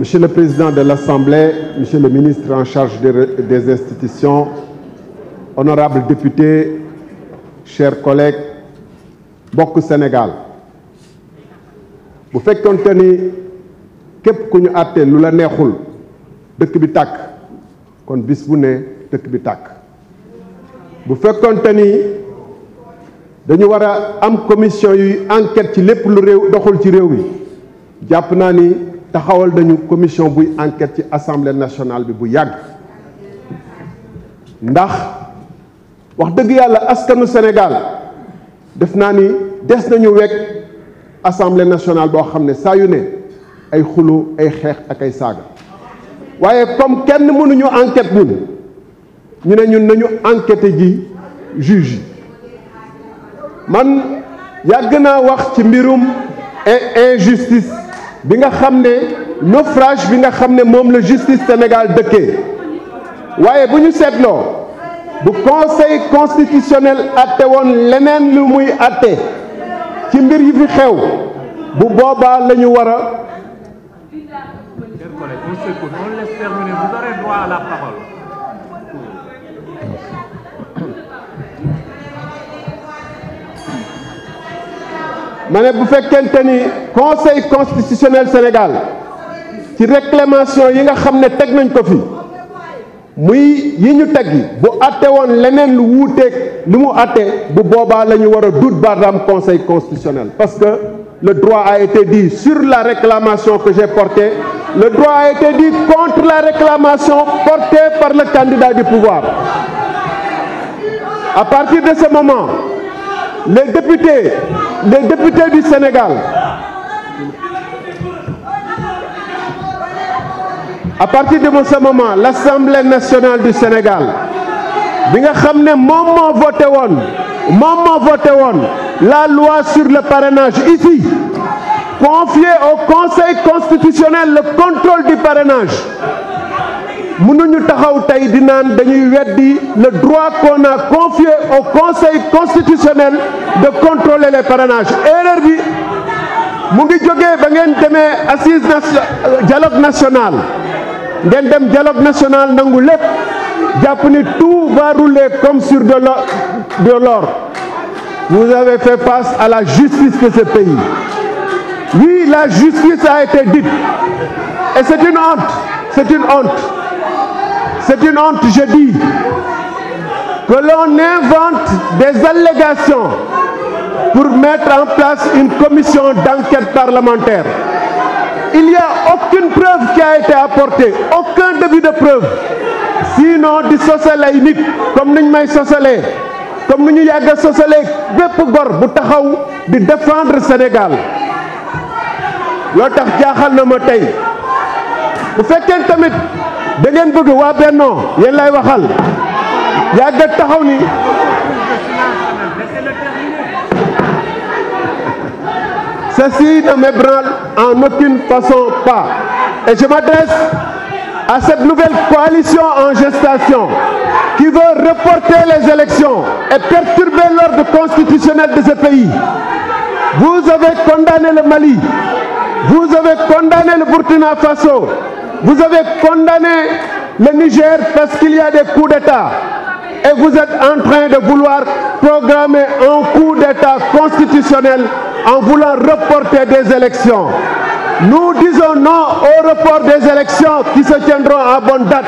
Monsieur le Président de l'Assemblée, Monsieur le Ministre en charge des institutions, honorables députés, chers collègues, beaucoup Sénégal Vous faites tenu que que nous en train de faire bi tàkk kon bis bu de vous bi Vous bu fekkonte tenu dañu war une commission d'enquête enquête ci lépp lu qui doxul ci taxawal une commission buy enquête ci assemblée nationale bi bu yàgg ndax wax dëgg yàlla askanu Sénégal def naa ni des nañu assemblée nationale boo xam ne saa yu ne ay xulu ay xeex ak ay saaga comme kenn mënuñu enquête nous ñu ne ñun nañu enquêté ji juge man yàgg wax ci injustice bi nga xamné naufrage bi nga la justice Sénégal deke. wayé Vous sétlo conseil constitutionnel atte won lenen lu muy atte ci mbir yi fi xew bu terminer vous aurez droit à la parole conseil constitutionnel Sénégal qui réclamation yi nga xam ne teg nañ ko fi muy yi ñu vous bu un woon leneen lu wuuteeg conseil constitutionnel parce que le droit a été dit sur la réclamation que j'ai portée le droit a été dit contre la réclamation portée par le candidat du pouvoir à partir de ce moment les députés des députés du Sénégal. À partir de ce moment, l'Assemblée nationale du Sénégal, bi nga voté la loi sur le parrainage ici confier au Conseil constitutionnel le contrôle du parrainage nous taxaw tay di le droit qu'on a confié au conseil constitutionnel de contrôler les parrainages erreur bi mu ngi ba ngeen assise dialogue national ngeen dem dialogue national nangou lepp japp tout va rouler comme sur de de l'or vous avez fait face à la justice de ce pays oui la justice a été dite et c'est une honte c'est une honte c'est une honte, je dis, que l'on invente des allégations pour mettre en place une commission d'enquête parlementaire. Il n'y a aucune preuve qui a été apportée, aucun début de preuve. Sinon, du unique comme nous sommes may comme nous y nous défendre Sénégal Vous tax jaaxal na ceci ne m'ébranle en aucune façon pas et je m'adresse à cette nouvelle coalition en gestation qui veut reporter les élections et perturber l'ordre constitutionnel de ce pays. Vous avez condamné le Mali, vous avez condamné le Burkina Faso, vous avez condamné le Niger parce qu'il y a des coups d'État. Et vous êtes en train de vouloir programmer un coup d'État constitutionnel en voulant reporter des élections. Nous disons non au report des élections qui se tiendront à bonne date.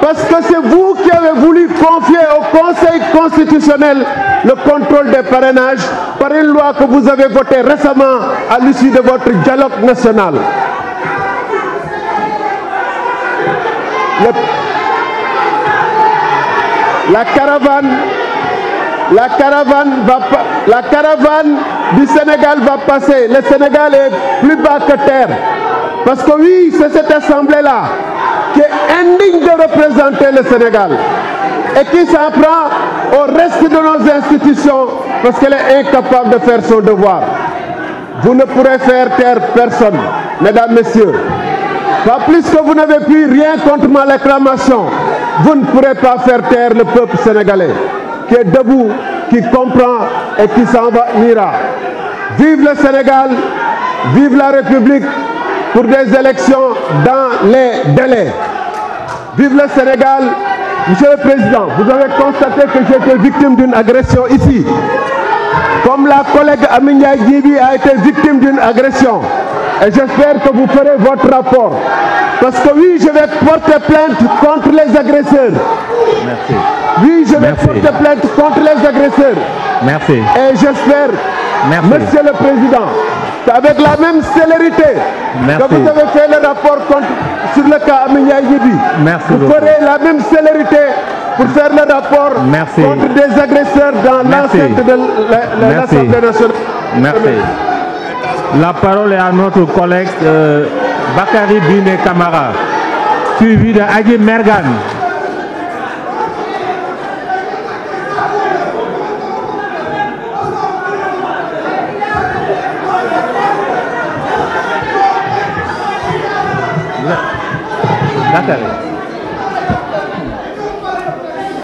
Parce que c'est vous qui avez voulu confier au Conseil constitutionnel le contrôle des parrainages par une loi que vous avez votée récemment à l'issue de votre dialogue national. la caravane, la caravane la caravane du Sénégal va passer. Le Sénégal est plus bas que terre. Parce que oui, c'est cette assemblée-là qui est indigne de représenter le Sénégal et qui s'en prend au reste de nos institutions parce qu'elle est incapable de faire son devoir. Vous ne pourrez faire taire personne, mesdames, messieurs. Pas plus que vous n'avez pu rien contre ma réclamation, vous ne pourrez pas faire taire le peuple sénégalais qui est debout, qui comprend et qui s'en va ira. Vive le Sénégal, vive la République pour des élections dans les délais. Vive le Sénégal, Monsieur le Président, vous avez constaté que j'étais victime d'une agression ici. Comme la collègue Aminia Gibi a été victime d'une agression. Et j'espère que vous ferez votre rapport. Parce que oui, je vais porter plainte contre les agresseurs. Merci. Oui, je vais porter plainte contre les agresseurs. Merci. Et j'espère, Monsieur le Président, avec la même célérité que vous avez fait le rapport sur le cas Aminia Yibi, vous ferez la même célérité pour faire le rapport contre des agresseurs dans l'enceinte de l'Assemblée nationale. Merci. La parole est à notre collègue euh, Bakary Bakari Bine Kamara, suivi de Adi Mergan.